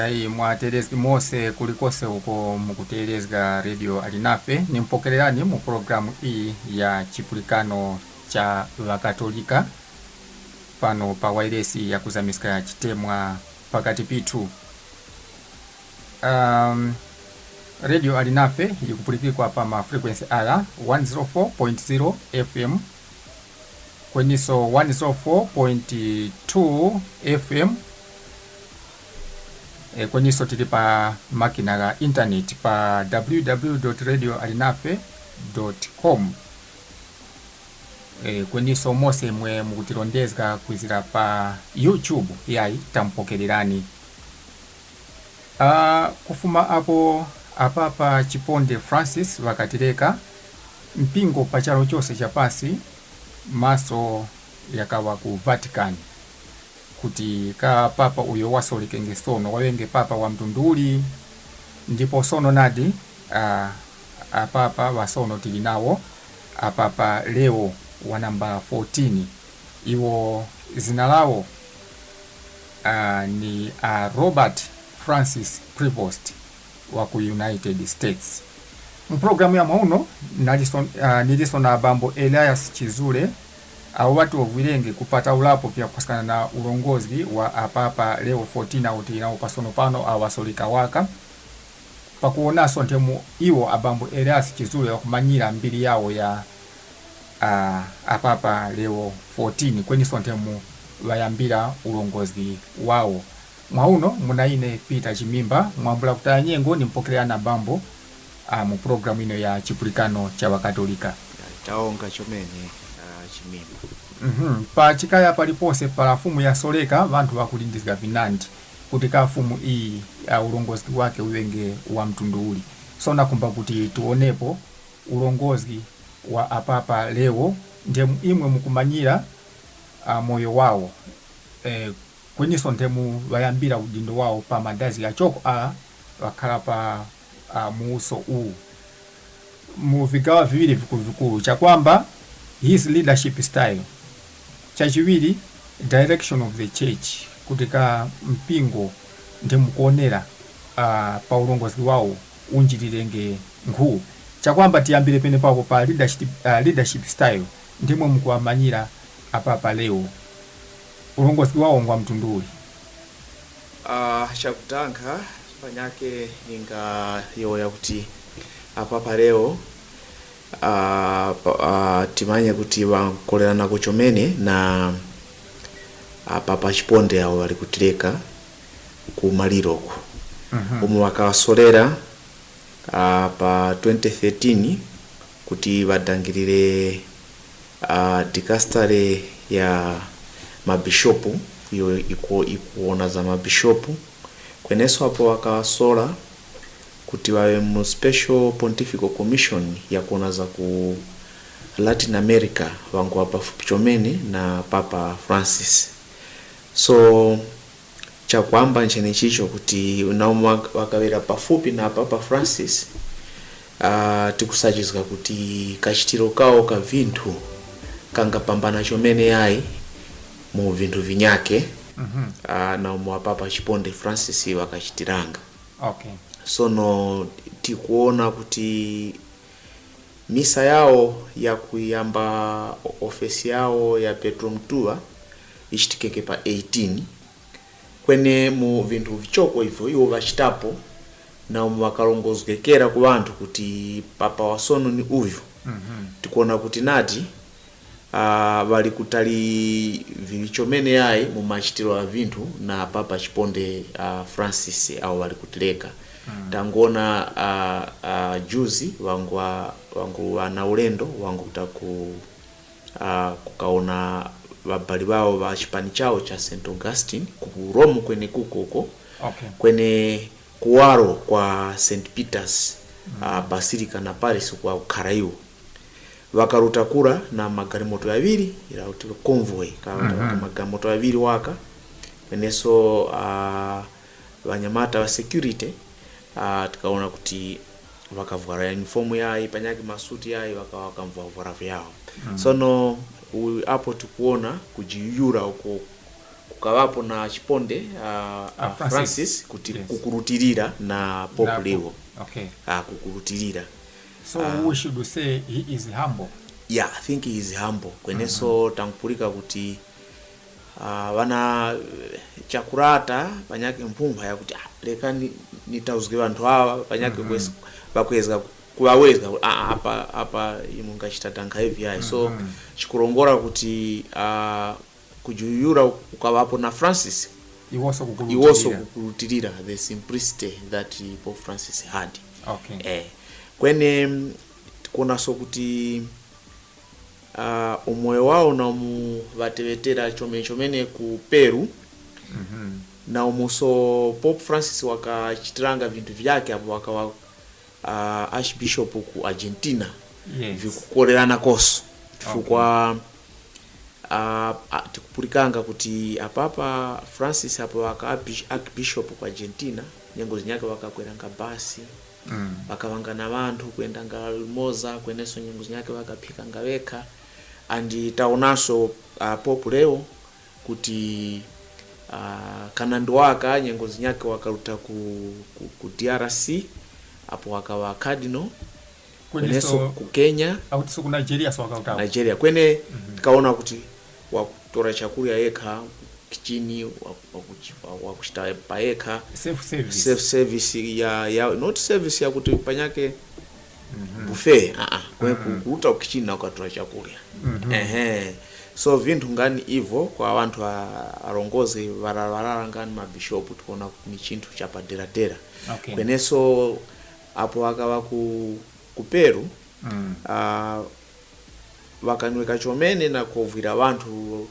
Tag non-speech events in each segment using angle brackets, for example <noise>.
yayi mwaterezeka mose kulikose uko mukuterezeka radio alinafe nimpokererani mu programu iyi ya chipulikano cha vakatolika pano pa wairesi ya chitemwa pakati pitu um, redio alinafe ikupulikikwa pa ma frequency ala 104.0 fm kweniso 104.2 fm Eh, so tili pa makina ga intaneti pa www.radioalinafe.com radio alinafe e, eh, kweniso mose mwe mukutilondeza kwizira pa youtube yayi tampokelirani a ah, kufuma apo apapa chiponde francis wakatireka mpingo pachalo chonse cha pasi maso yakawa ku vatican kuti ka papa uyo wasolekenge sono wawenge papa wa ndipo sono nadi a, apapa wasono tili nawo apapa leo wa namba 14 iwo zina lawo a, ni a robert francis prevost wa ku united states mprogramu ya mwauno nilisona bambo elias chizule au watu wavilenge kupata ulapo pia kupasikana na ulongozi wa apapa Leo 14 auti nawo upasono pano awasoleka waka sonte mu iwo abambo Elias Chizulo kumanyira mbili yao ya a, apapa Leo 14 kweniso nthemu wayambira ulongozi wao mwauno munaine Peter Chimimba mwambula kutaya mpokelea na bambo mu programu ino ya chipulikano cha wakatolika taonga chomene pachimima mm-hmm. pachikaya palipose palafumu yasoleka vanthu vakulindizika vinandi kuti ka fumu iyi ulongozi wake uwenge wa mtundu uli so nakumba kuti tuonepo ulongozi wa apapa leo ndiye imwe mukumanyira uh, moyo wawo eh, kwiniso ndemu vayambira udindo wawo pa madazi yachoko a vakhala pa uh, muuso uwu mu vigawa viwiri vikuluvikulu chakwamba his leadership style. Cha direction of the church kutika mpingo ndi mukuonera uh, pa ulongozi wawo unjililenge nkhuwu chakwamba tiyambire penepapo pa leadership, uh, leadership style ndimwe mukuwamanyira apapa leo ulongozi wawo ngwa mtundu uli uh, chakutanka panyake yoya kuti apapa leo uh, uh, timanya kuti wankolerana kuchomene na uh, papa chiponde awo wali kutileka ku maliroko mhm. uh-huh. omwe wakawasolera uh, pa 2013 kuti wadangirire uh, dikastare ya mabishopu iyo ikuona za mabishopu kweneso apo wakawasola kuti mu special pontifical commission za ku latin america wangu pafupi chomene na papa francis so chakuamba chicho kuti nawo wakawera pafupi na papa francis uh, tikusachizika kuti kachitiro kawo ka vinthu kangapambana chomene ayi mu vinthu vinyake mm -hmm. uh, nawo chiponde francis wakachitiranga okay sono tikuona kuti misa yawo kuyamba ofesi yawo ya petro mtua ichitikeke pa 18 kwene mu vinthu vichoko ibvo iwo vachitapo naomo wakalongozekera ku anthu kuti papa wasono ni uyu mm -hmm. tikuona kuti nati uh, kutali vilichomene yayi mu machitiro a vinthu na papa chiponde uh, francis awo wali kutileka Mm. Tanguona uh, uh, juzi wangu, wa, wangu wana ulendo wangu kutaku uh, kukaona wabali wao wa chipani chao cha St Augustine kuromu kwenye kwene kuko okay. kwene kuwaro kwa St Peters mm uh, basilica na Paris kwa wakaruta kura na magalimoto awiri ila utiko convoy ka mm -hmm. ya awiri waka kweneso uh, wanyamata wa security uh, ah, tikaona kuti vakavhara uniform yayi panyake masuti yayi vakamvavhara vyavo mm. sono apo tikuona kujiyura uko kukavapo na chiponde uh, ah, Francis, Francis kuti yes. kukurutirira na popu leo okay. uh, kukurutirira so uh, we should say he is humble yeah i think he is humble kweneso mm -hmm. tankuphulika kuti Ah, wana chakurata panyake mphumba yakuti ah, leka nitauzike vanthu ava panyake mm -hmm. vakwezeka kuvawezeka ah, apa apa imu ngachita thankha ivi so mm-hmm. chikurongora kuti uh, kujuyura ukavapo na francis iwonso kukurutirira the simplicity that pope francis had okay. eh, kwene tikuonaso kuti uh, wao wawo unamuvatevetera chomene ku peru mm -hmm. na umoso pope francis wakachitiranga vintu vyake apo wakawa uh, archbishop ku argentina yes. vikukolerana konso chifukwa okay. uh, tikupurikanga kuti apapa francis apo waka archbishop ku argentina nyengo zinyake wakakweranga basi mm. na vanthu kuendanga limoza kweneso nyengo zinyake wakaphikanga vekha andi taonanso uh, popu lero kuti uh, kana ndiwaka nyengo zinyake wakaluta ku, ku, ku drc apo wakawa cardinal kweneso so, ku kenya autiso ku nigeria so wakautapo nigeria kwene mhm. tikaona mm -hmm. kuti wakutora chakurya yekha kichini wakuchita waku, payekha safe service, self service ya, ya not service yakuti panyake mm -hmm. buffet uh -uh. kwe mm -hmm. kuuta kichini na ukatora chakurya mm -hmm. ehe so vinthu ngani ivo kwa wanthu alongozi valalalala ngani mabishopu tikuona ni chinthu chapaderadera okay. kwenenso apo wakawa ku, kuperu mm. uh, chomene na kuvira wanthu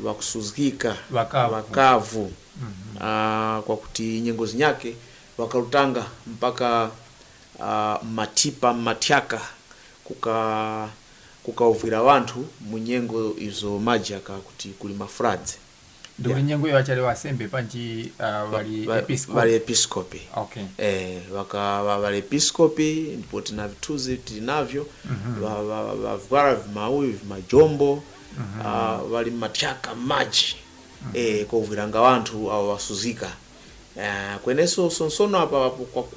vakusuzikika wakavu, wakavu. Mm -hmm. uh, kuti nyengozi nyake wakalutanga mpaka uh, matipa mmatyaka kuka kukauvwira wanthu munyengo izo majaka kuti kuli mafradze ndipo yeah. nyengo iyo achale wasembe panji uh, wali episcopi wali episcopi okay eh waka wali episcopi ndipo tina vithuzi tinavyo mm -hmm. wavwala vimauyu vimajombo mm -hmm. uh, ah, wali matyaka maji mm -hmm. eh kovwiranga wanthu awo wasuzika uh, eh, kweneso sonsono apa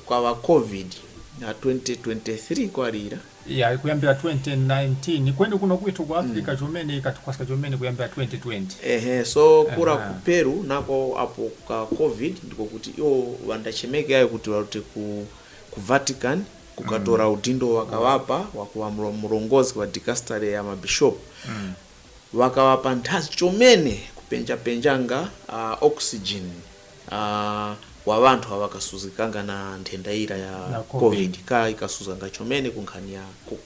kwa covid na 2023 kwalira ya kuyambira 2019 kwendi kuno kwitu kwa mm. Afrika mm. chomene ikatikwasa chomene kuyambira 2020 ehe so kura uh -huh. ku Peru nako apo ka COVID ndiko kuti iwo wandachemekerayo kuti walute ku, ku Vatican kukatora mm. udindo wakawapa wakuwa mlongozi wa dikastare ya mabishopu mm. wakawapa nthazi chomene kupenjapenjanga uh, oxygen uh, wa wanthu awakasuzikanga na nthenda ira ya covid ka ikasuzanga chomene kunkhani ya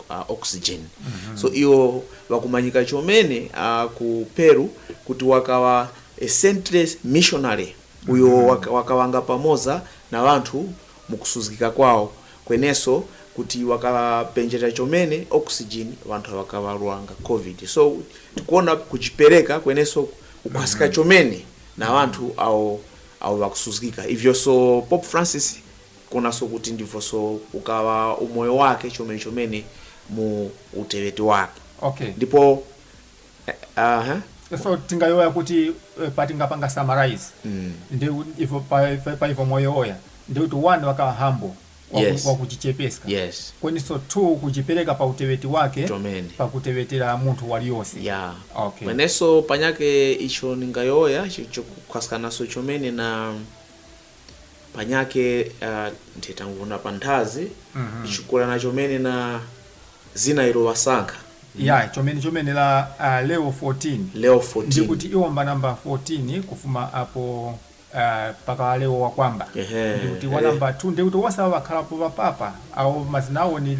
uh, oxygen mm -hmm. so iwo wakumanyika chomene uh, ku peru kuti wakawa a centre missionary uyo mm -hmm. wakawanga pamoza na wanthu mukusuzikika kwawo kweneso kuti wakapenjera chomene oxygen wanthu awakawalwanga covid so tikuona kuchipereka kweneso kukhwasika mhm. chomene na wanthu awo wakuzuzikika ivyo so Pope Francis kunaso kuti ndivyo so ukawa umoyo wake chomene chomene mu uteweti wake okay. ndipo uh, uh, so tingayoya kuti patingapanga summarize mm. ndi ivo pa, pa ivo moyo oya ndi one wakawa yes. wa kujichepesa yes. so tu kuchipeleka pa uteweti wake pakutewetera munthu waliyonse yeah. okay. mweneso panyake icho ningayoya chokhwasikanaso chomene na panyake uh, nthitanguna pa nthazi mm -hmm. ichikulana chomene na zina ilowasankha Mm. ya chomene chomene la uh, leo 14 leo 14 ndikuti iwomba namba 14 kufuma apo Eh, pakalewo wakwamba leo wa kwamba wa tu ndiuti wasa wakhalapo papapa au mazina awo ni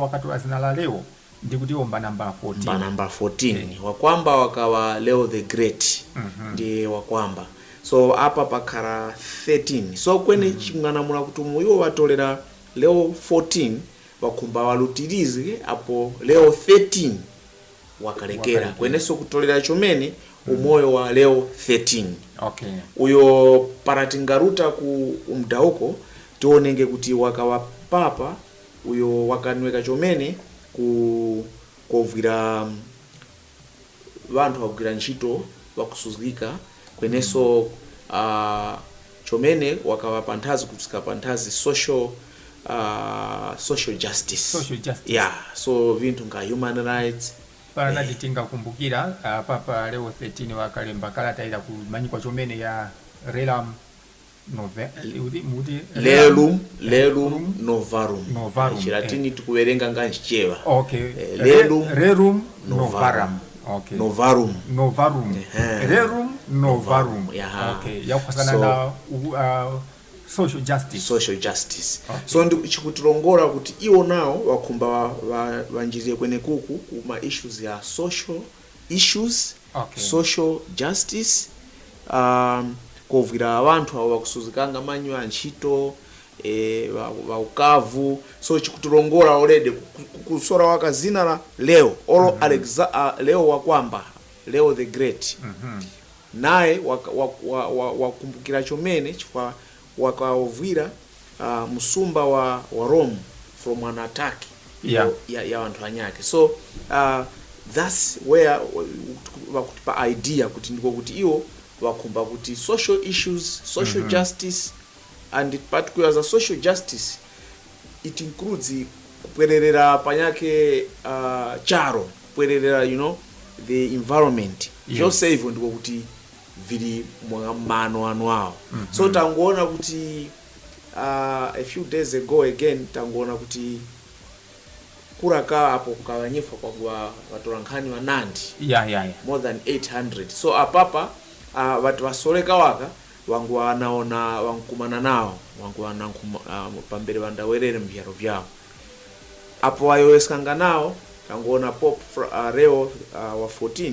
wakati wa zina la leo ndikuti omba namba 14 mba namba 14 eh. wakwamba wakawa leo the great mhm. ndi wakwamba so apa pakhala 13 so kwene mm -hmm. ching'anamula kuti muiwo watolera leo 14 wakhumba walutirize apo leo 13 wakalekera kweneso kutolera chomene umoyo wa leo 13 okay uyo paratingaruta ku huko tionenge kuti wakawa papa uyo wakanweka chomene ku kovwira mm, vanthu wagwira ntchito wakusuzika kwenenso uh, mm. ah, chomene wakawa panthazi kutsika panthazi social uh, social justice, social justice. yeah so vinthu nga human rights parana titingakumbukira uh, papa Leo 13 wakalemba kalata ila kumanyikwa chomene ya relam nove, uti, eh, novarum novarum chilatini eh. tikuwerenga nganchichewa okay eh, rerum rerum novarum okay novarum novarum rerum novarum okay yakukasana na uh, social justice, social justice. Okay. so ndi chikutilongola kuti iwo nawo wakhumba wanjiriye kwene kuku kuma issues ya social issues okay. social justice um, kovwira wanthu awo wakusuzikanga manyu antchito e, waukavu so chikutilongola olede kusola waka zina la leo olo mm -hmm. Alexa, uh, leo wakwamba leo the great mm -hmm. naye wakumbukira wa, wa, wa chomene chifukwa wakaovwira uh, ah, msumba wa, wa Rome from an attack yeah. ya, ya wanyake so uh, that's where vakutipa idea kuti ndiko kuti iwo wakumba kuti social issues social mm -hmm. justice and particular a social justice it includes kupwererera panyake uh, charo kupwererera you know the environment yes. zvose hivyo ndiko kuti vili mwakamano awo mm -hmm. so tanguona kuti uh, a few days ago again tanguona kuti kura ka apo kukawanyifa kwagwa watu lankhani wanandi yeah, yeah, yeah. more than 800 so apapa uh, watu wasoleka waka wangu wanaona wankumana nawo wangu wana uh, pambere wandawerere mvyalo vyawo apo ayowesekanga nawo tanguona pop uh, reo uh, wa 14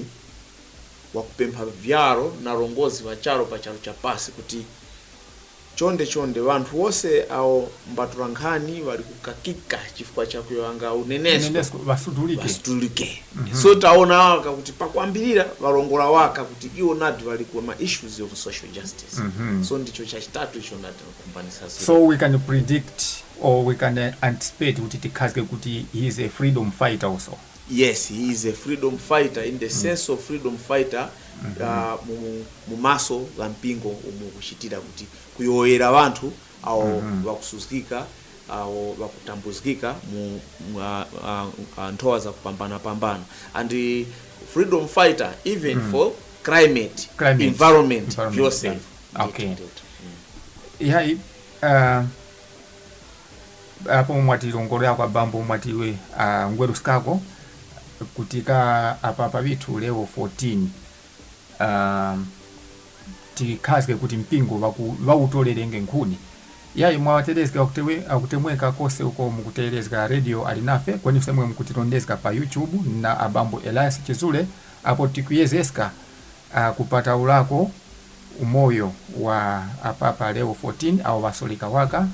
wakupempha vyaro na longozi wa charo pa charo cha pasi kuti chonde chonde wanthu wonse awo mbatura nkhani wali kukakika chifukwa chakuyanga uneneso mm -hmm. so taona waka kuti pakwambirira walongola waka kuti iwo nati wali kuma issues of social justice mm -hmm. so ndicho chachitatu icho nati kukumbanisa so we can predict or we can anticipate kuti tikhazike kuti he is a freedom fighter also yes he is a freedom fighter in the mm. sense of freedom fighter mumaso mm-hmm. uh, mu maso la mpingo omwe ukuchitira kuti kuyoyera wanthu awo wakusuzikika mm-hmm. awo wakutambuzikika mu nthowa za kupambana pambana and freedom fighter even mm. for climate, climate. environment, environment yourself okay mm. yeah uh, apo mwati longolera kwa bambo mwati we uh, ngweru skako kutika apapa vitu leo 14 uh, tikhaze kuti mpingo wautolerenge nkhuni yayi mwawaterezeka akutemweka kose uko mukuteerezeka radio alinafe kweni semwe mukutitonderezeka pa youtube na abambo elias chizule apo tikuyezeska uh, kupata ulako umoyo wa apapa leo 14 au vasoleka waka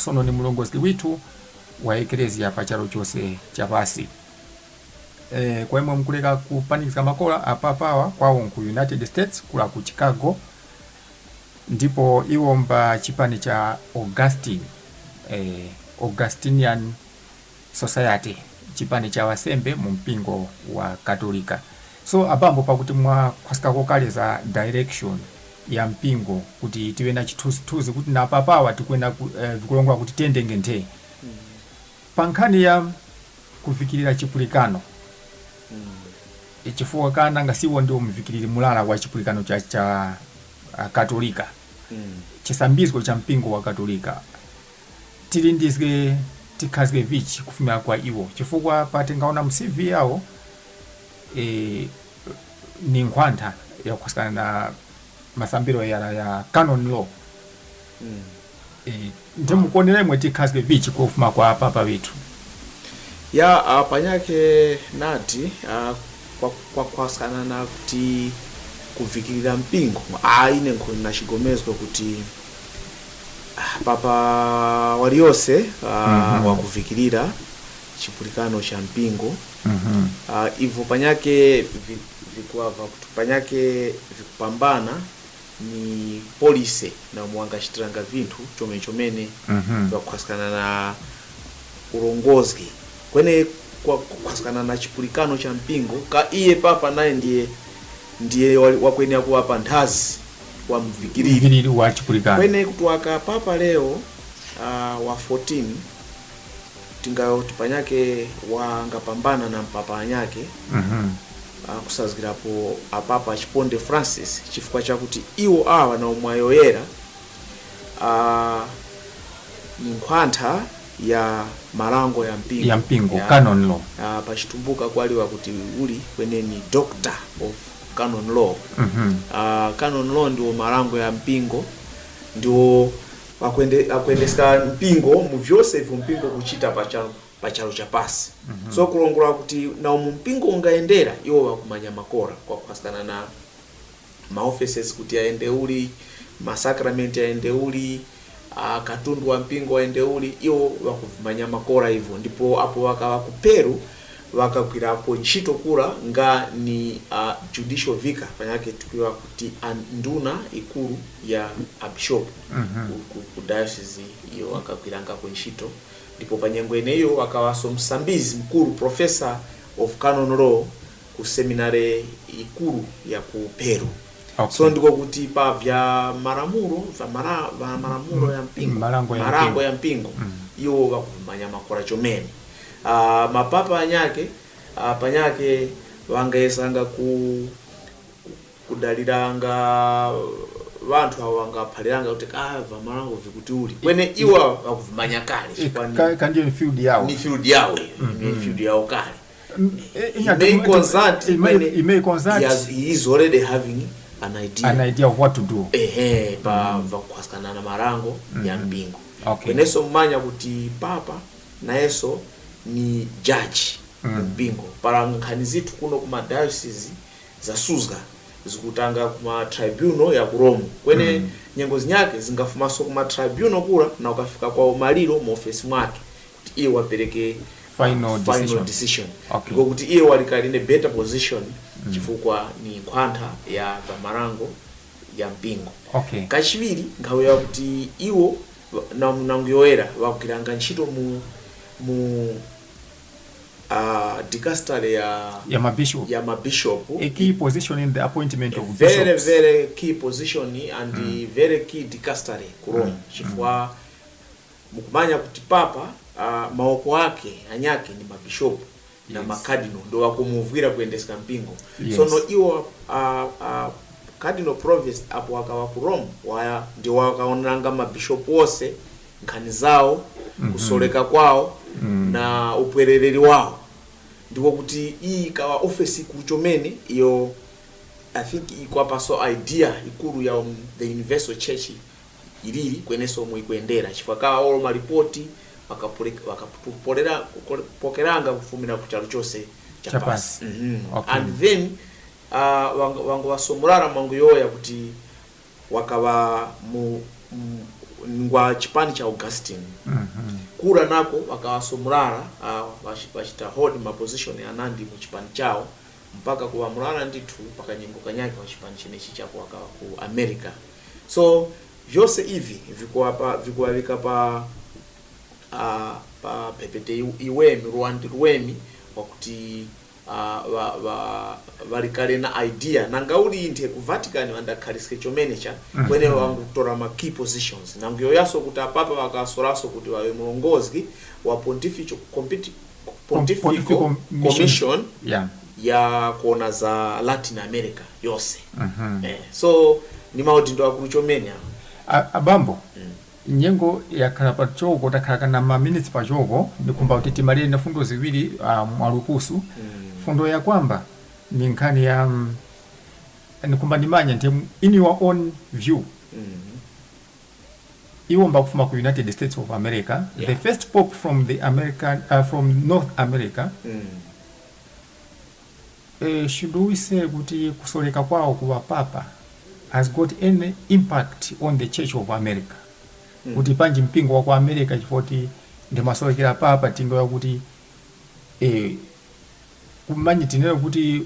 sono ni mulongozi witu wa eklezia pa chalo chapasi eh, koyemwe mkuleka kupanikiza makola apapawa kwawo nku United States kula ku Chicago ndipo iwomba chipani cha Augustine eh, Augustinian Society chipani cha wasembe mu mpingo wa Katolika so apambo pakuti mwakhwasikako kale za direction ya mpingo kuti tiwe na chithunzithunzi kuti napapawa tikuena eh, vikulongola kuti tiyende ngenthe mm-hmm. nkhani ya kufikirira chipulikano chifukwa nga siwo ndio mvikiriri mulala wa chipulikano cha, cha uh, katolika mm. chisambiziko cha mpingo wa katolika tilindizwe tikazwe tikhazike vichi kufumira kwa iwo chifukwa patingaona mcv yao e, ni nkhwantha yakukhwasikana na masambiro ya, ya canon law mm. e, ndimukuoneremwe tikhazike vichi kufuma kwa papa withu ya apanyake panyake nati uh, kwakwasana kuti kuvikirira mpingo ayi nenkhoni na chigomezo kuti ah, papa waliyonse uh, ah, mm -hmm. wakuvikirira chipulikano cha mpingo mm -hmm. uh, ah, ivo panyake vikuava kuti panyake vikupambana ni polise namwe angachitiranga vinthu chomene chomene mm -hmm. na ulongozi kwene kwa kupasikana na chipulikano cha mpingo ka iye papa naye ndiye ndiye wakwenera kuwapa nthazi wa mvikiriri wa chipulikano kwene kutwaka papa leo uh, wa 14 tingati panyake wangapambana na mpapa anyake mm -hmm. Uh, kusazikirapo apapa chiponde Francis chifukwa chakuti iwo awa na omwe uh, ni nkhwantha ya malango ya mpingo ya mpingo ya, canon law ya, pachitumbuka kwaliwa wakuti uli ni doctor of canon law mm -hmm. uh, canon law ndiwo malango ya mpingo ndiwo akwende akwendesa mpingo mu vyonse vyo mpingo kuchita pachalo pachalo chapasi mm -hmm. so kulongola kuti naumu mpingo ungaendera iwo wakumanya makora kwakuphasana na ma offices kuti aende uli masakramenti aende uli uh, Katundu wa Mpingo waendeuli iyo wakufumanya makora hivyo ndipo apo wakawakuperu hapo nchito kura nga ni uh, judicial vicar panyake tukiwa kuti anduna ikuru ya abishopu uh-huh. Mhm. ku diocese iyo kwa ntchito ndipo panyengo ineyo wakawaso msambizi mkuru professor of canon law ku ikuru ikulu ya ku Peru okay. so ndiko kuti pa vya maramuro vya mara, maramuro ya mpingo mm, marango ya mpingo, ya mpingo mm. iwo vakumanya makora chomene uh, ah, mapapa anyake uh, panyake vangayesanga ku kudaliranga vanthu avo vangaphaliranga kuti kava ah, malango vikuti uli kwene iwo vakuvimanya kale kandiyo ni field yawo ni field yawo mm, ni mm. field yawo kale eh, eh, imeyi concert eh, imene imeyi he is already having an idea, an idea of what to do ehe pa mm. vakukhwasikana na malango mm. Mm-hmm. ya mbingu okay. kweneso mmanya kuti papa nayenso ni judge mm. mbingu para nkhani zithu kuno kuma diocese za suzga zikutanga kuma tribunal ya ku Rome kwene mm. nyengo zinyake zingafumanso kuma tribunal kula na ukafika kwa umaliro mu office mwake kuti iye wapereke final, final decision, decision. Okay. kuti iye walikali ne better position mm. chifukwa ni kwanta ya zamarango ya mpingo okay. kachiwiri nkhawi yakuti iwo na namnanguyoera wakugwiranga ntchito mu mu uh, dicastery ya ya mabishop ya mabishop a key position in the appointment of very bishops very key position and mm. very key dicastery ku Rome mm. chifukwa mm. mukumanya kuti papa uh, maoko ake anyake ni mabishop mm yes. makadino ndo wakumuvwira kuyendeseka mpingo yes. sono iwo uh, uh, cardinal province apo akawa ku Rome waya ndi wakaonanga mabishopu ose nkhani zawo mm -hmm. kusoleka kwawo mm -hmm. na upwereleri wawo ndiko kuti iyi ikawa ofesi ikulu chomene iyo i think ikwapaso idea ikulu ya um, the universal church ilili kweneso omwe ikuyendera chifukwa kawa olo maripoti vakapokeranga kufumira kuchalo chose chapasi mm -hmm. okay. and then uh, wangu wasomulala mwangu yoya kuti wakawa mu, ngwa chipani cha Augustine mm -hmm. kula nako wakawasomulala uh, wachita hold maposition ya nandi mu chipani chao mpaka kuwamulala ndithu pakanyengo kanyake wa chipani chenechi chako wakawa ku America so vyose ivi vikuwa vikuwavika pa pa pepete iwemi ruwandi lwemi wakuti uh, wa, wa, na idea nanga uli inthe ku vatican vandakhalisike chomenecha kwene mm-hmm. wangutora ma key positions nangu yoyaso kuti apapa wakasoraso kuti wawe mulongozi wa compete pontifical commission yeah. ya kuona za latin america yonse uh mm-hmm. -huh. eh, so ni mautindo akulu chomene abambo mm nyengo yakhalapa coko takhalakana ma minutes pa coko nikhumba kuti timalire na fundo ziwiri uh, mwalukusu mm. fundo yakwamba ni nkhani ya um, mm, nikhumba ndimanya nti in your own view mm-hmm. iwo mbakufuma ku united states of america yeah. the first pope from the american uh, from north america mm. Eh, should we say kuti kusoleka kwawo kuwa papa has got any impact on the church of america Mm. kuti panji e, mpingo wa kwa America chifoti ndimasolekera papa tingoya kuti eh kumanyi tinena kuti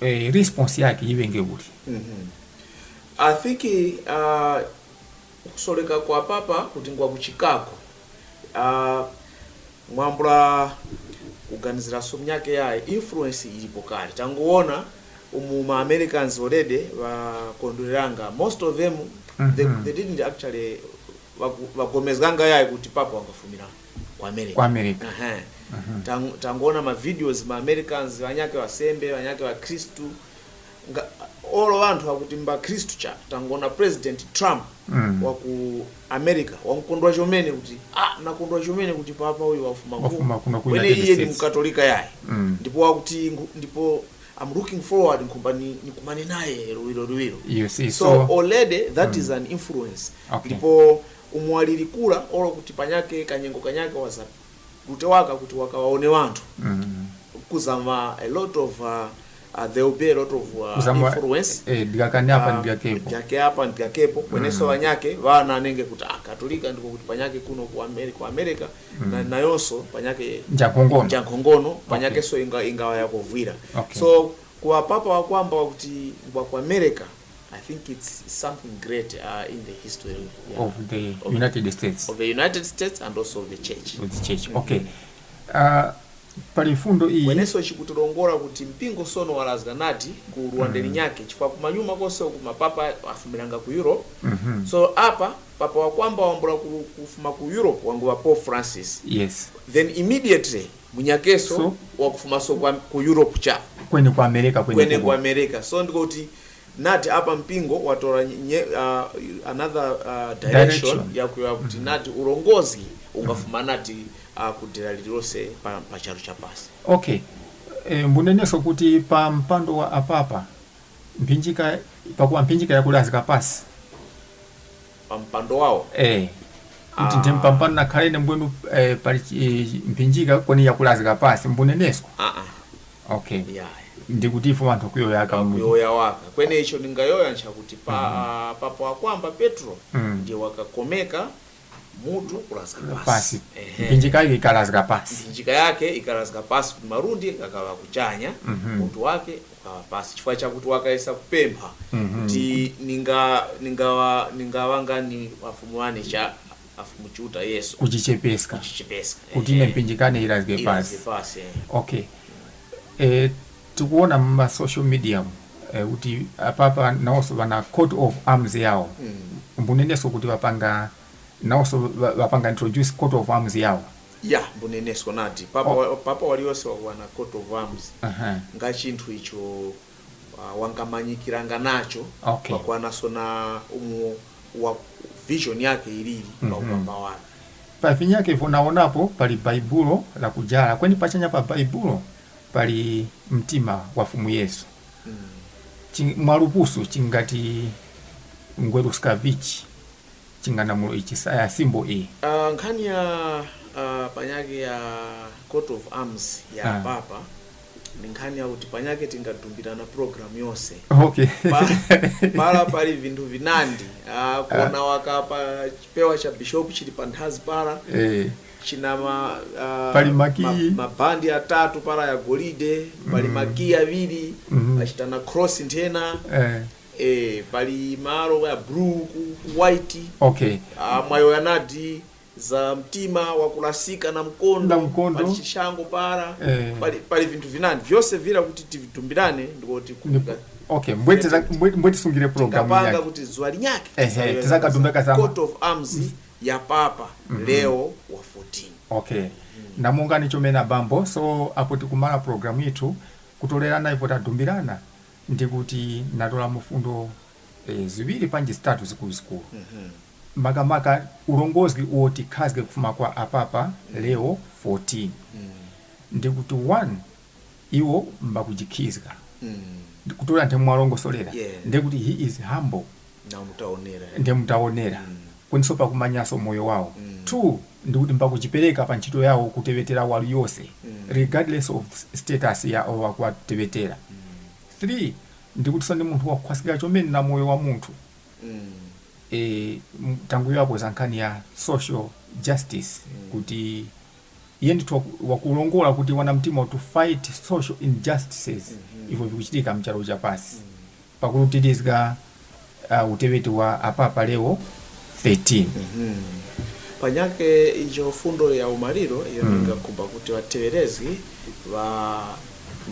eh, response yake ive kuti mm -hmm. i think uh, kusoleka kwa papa ngwa ku chicago uh, mwambula kuganiziraso myake yaye influence ilipo kale tanguona umu ma americans already vakondwereranga most of them mm -hmm. they, mm-hmm. they didn't actually bakomezanga yaye kuti papa wangafumira ku america ku america uh -huh. Mhm. tang, -huh. tangoona ma videos ma americans vanyake wasembe wanyake wa kristu olo wanthu akuti mba kristu cha tangoona president trump mm. wa ku america wamkondwa chomene kuti ah nakondwa chomene kuti papa uyu wafuma kuwene iye ni mkatolika yaye mm. ndipo wakuti ndipo I'm looking forward nkumbani nikumane naye luwiro luwiro so, so already that mm. is an influence okay. ndipo umwalili kula ola kuti panyake kanyengo kanyake wasa waka kuti waka waone wanthu mm. Mm-hmm. kuzama a lot of uh, uh, there will be a lot of uh, Kuzamwa, influence eh, ndikakani apa uh, ah, ndikakepo ndikake ndikakepo kweneso mm. Mm-hmm. wanyake vana anenge kuti akatolika ah, ndiko kuti mm-hmm. panyake kuno ku America, ku America mm. na, nayoso panyake njankhongono njankhongono panyake okay. so inga, inga okay. so kwa papa wakwamba kuti wa ku America think it's something great uh, in the history yeah, of the of United the, States of the United States and also of the church of the church mm-hmm. Okay. mm -hmm. uh, uh, palifundo iyi kweneso chikutilongola kuti mpingo sono walazika nati ku Rwanda mm -hmm. nyake chifwa kumanyuma kose ku mapapa afumiranga ku europe mm -hmm. so apa papa wa wakwamba wambula kufuma ku europe wangu wa Pope francis yes then immediately munyakeso so, wa kufuma so kwa ku europe cha Kwende ku america kwende ku america so ndikuti nati apa mpingo watora nye, uh, another uh, direction, direction. hmm nati ulongozi mm-hmm. ungafuma nati uh, kudera lililonse pa, pa charo cha pasi okay e, mbunenenso kuti pa mpando wa apapa mpinjika pakuwa mpinjika yakulazika pasi pa mpando wawo e. kuti ndi ah. mpampano nakhalene mbwenu eh, pali e, mpinjika kweni yakulazika pasi mbuneneso ah, -uh. okay yeah ndikuti manthu akuyoyaka akuyoyawaka kwene icho ndingayoya nchakuti pa mm. Mm-hmm. papo akwamba petro mm. Mm-hmm. ndi wakakomeka mutu kulazika pasi mpinjika yake ikalazika pasi mpinjika yake ikalazika pasi kuti marundi akava kuchanya mm -hmm. mutu wake ukawa pasi chifukwa chakuti wakayesa kupempha mm-hmm. kuti mm -hmm. ninga ningawa ningawangani afumuane cha afumuchuta yesu kuchichepeska kuchichepeska kuti ine mpinjikane ilazike pasi okay mm. eh, tikuona muma social media eh, uh, apapa naonso wana coat of arms yawo mm. mbuneneso kuti vapanga naonso vapanga introduce coat of arms yawo ya yeah, mbuneneso nati papa, oh. papa waliyonse wakuwana coat of arms uh -huh. nga chinthu icho uh, wangamanyikiranga nacho okay. wakuwanaso na umu wa vision yake ilili mm -hmm. paupamba wake pavinyake ivonaonapo pali baibulo lakujala kweni pachanya pa baibulo pali mtima wa fumu yesu mm. mwalupuso chingati ngweruskavichi chinganamulo ichi saya simbo e uh, nkhani ya uh, ah, panyake ya coat of arms ya ah. papa ndinkhani yakuti panyake tingathumbira na program yonse okay <laughs> pala pali vinthu vinandi uh, waka pa chipewa cha bishop chili pa nthazi pala eh. chinamabandi ma, uh, ma, atatu pala ya golide pali mm. makii aviri mm -hmm. achitana cross nthena eh. eh, pali malo ya blue ku white okay uh, mwayo yanadi za mtima wa kulasika na mkondo, na mkondo. Pali chishango para eh. pali, pali vintu vinani vyose vila kuti tivitumbirane ndikoti okay mbwete za mbwete sungire program yake panga kuti zuwa linyake ehe eh, tizakatumbeka sama coat of arms mm. ya papa mm -hmm. leo wa 14 okay mm. -hmm. na namunga nicho mena bambo so apo tikumala program yitu kutolerana ipo tadumbirana ndikuti natola mufundo eh, zibiri panje status ku school mm -hmm. makamaka ulongozi woti tikhazi kufuma kwa apapa leo 14 mm. ndikuti 1 iwo mbakujikhizika mm. kutola nthe mwalongosolera yeah. ndikuti he is humble ndi mutaonera mm. kweniso pakumanyaso moyo wawo mm. two ndikuti mbakuchipereka pa ntchito yawo kutevetera wali yonse mm. regardless of status ya wakuwatevetera mm. three ndikuti sandi munthu wakukhwasikira chomene na moyo wa munthu mm. e, tangu iwapo ya social justice mm. kuti iye ndithu wakulongola kuti wanamtima to fight social injustices mm -hmm. ifo vikuchitika mchalo chapasi mm -hmm. pakulutirika uh, uteweti wa apapa leo 13 mm -hmm. panyake ijo fundo ya umaliro iyo mm. kuti watewerezi wa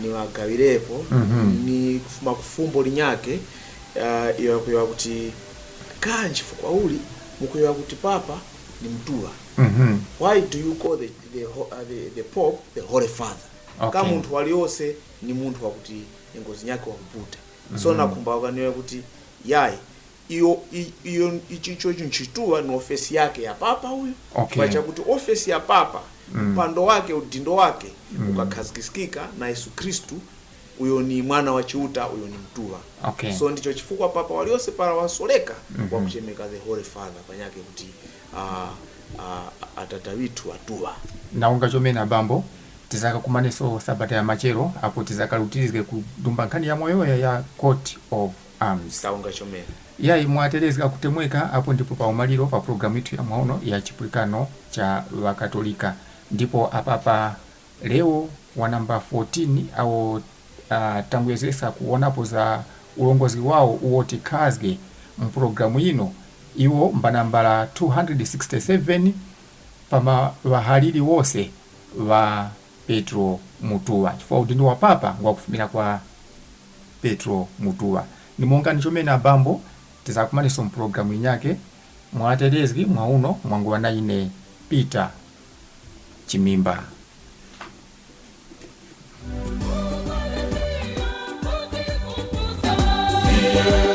niwagawirepo mm -hmm. ni kufuma kufumbo linyake uh, iyo yakuyiwa kuti kanji fukwauli mukuyoya kuti papa ni mtua mm -hmm. why do you call the, the, uh, the, the pope the holy father okay. ka munthu waliose ni munthu wakuti ngozi yake wakuputa mm -hmm. so mhm. nakumbakaniwe kuti yai iyo iyo ichicho nchitua ni ofesi yake ya papa huyu okay. kwa chakuti ofesi ya papa mpando mm. wake udindo wake mm. ukakhazikisika na yesu kristu huyo ni mwana wa Chiuta, huyo ni Mtuva. Okay. So ndicho chifukwa papa waliose para wasoleka mm -hmm. wakuchemeka the holy father panyake kuti uh, uh, atata na chomena bambo tizakakumaneso sabata ya machero apo tizakalutirizike kudumba nkhani ya moyoya ya court of arms kaunga chomena yayi mwaterezeka kutemweka apo ndipo paumaliro pa programu ithu ya mwaono ya chipulikano cha wakatolika ndipo apapa leo wanamba 14 au Ah, uh, kuonapo za ulongozi wawo kazi mprogramu ino iwo mbanambala 267 pama vahalili wonse wa petro mutuwa chifukwa udini wa papa ngwakufumira kwa petro mutuwa ni monga ni chomene abambo tizakumaniso mprogramu inyake mwa uno mwauno mwanguwa na ine peter chimimba you.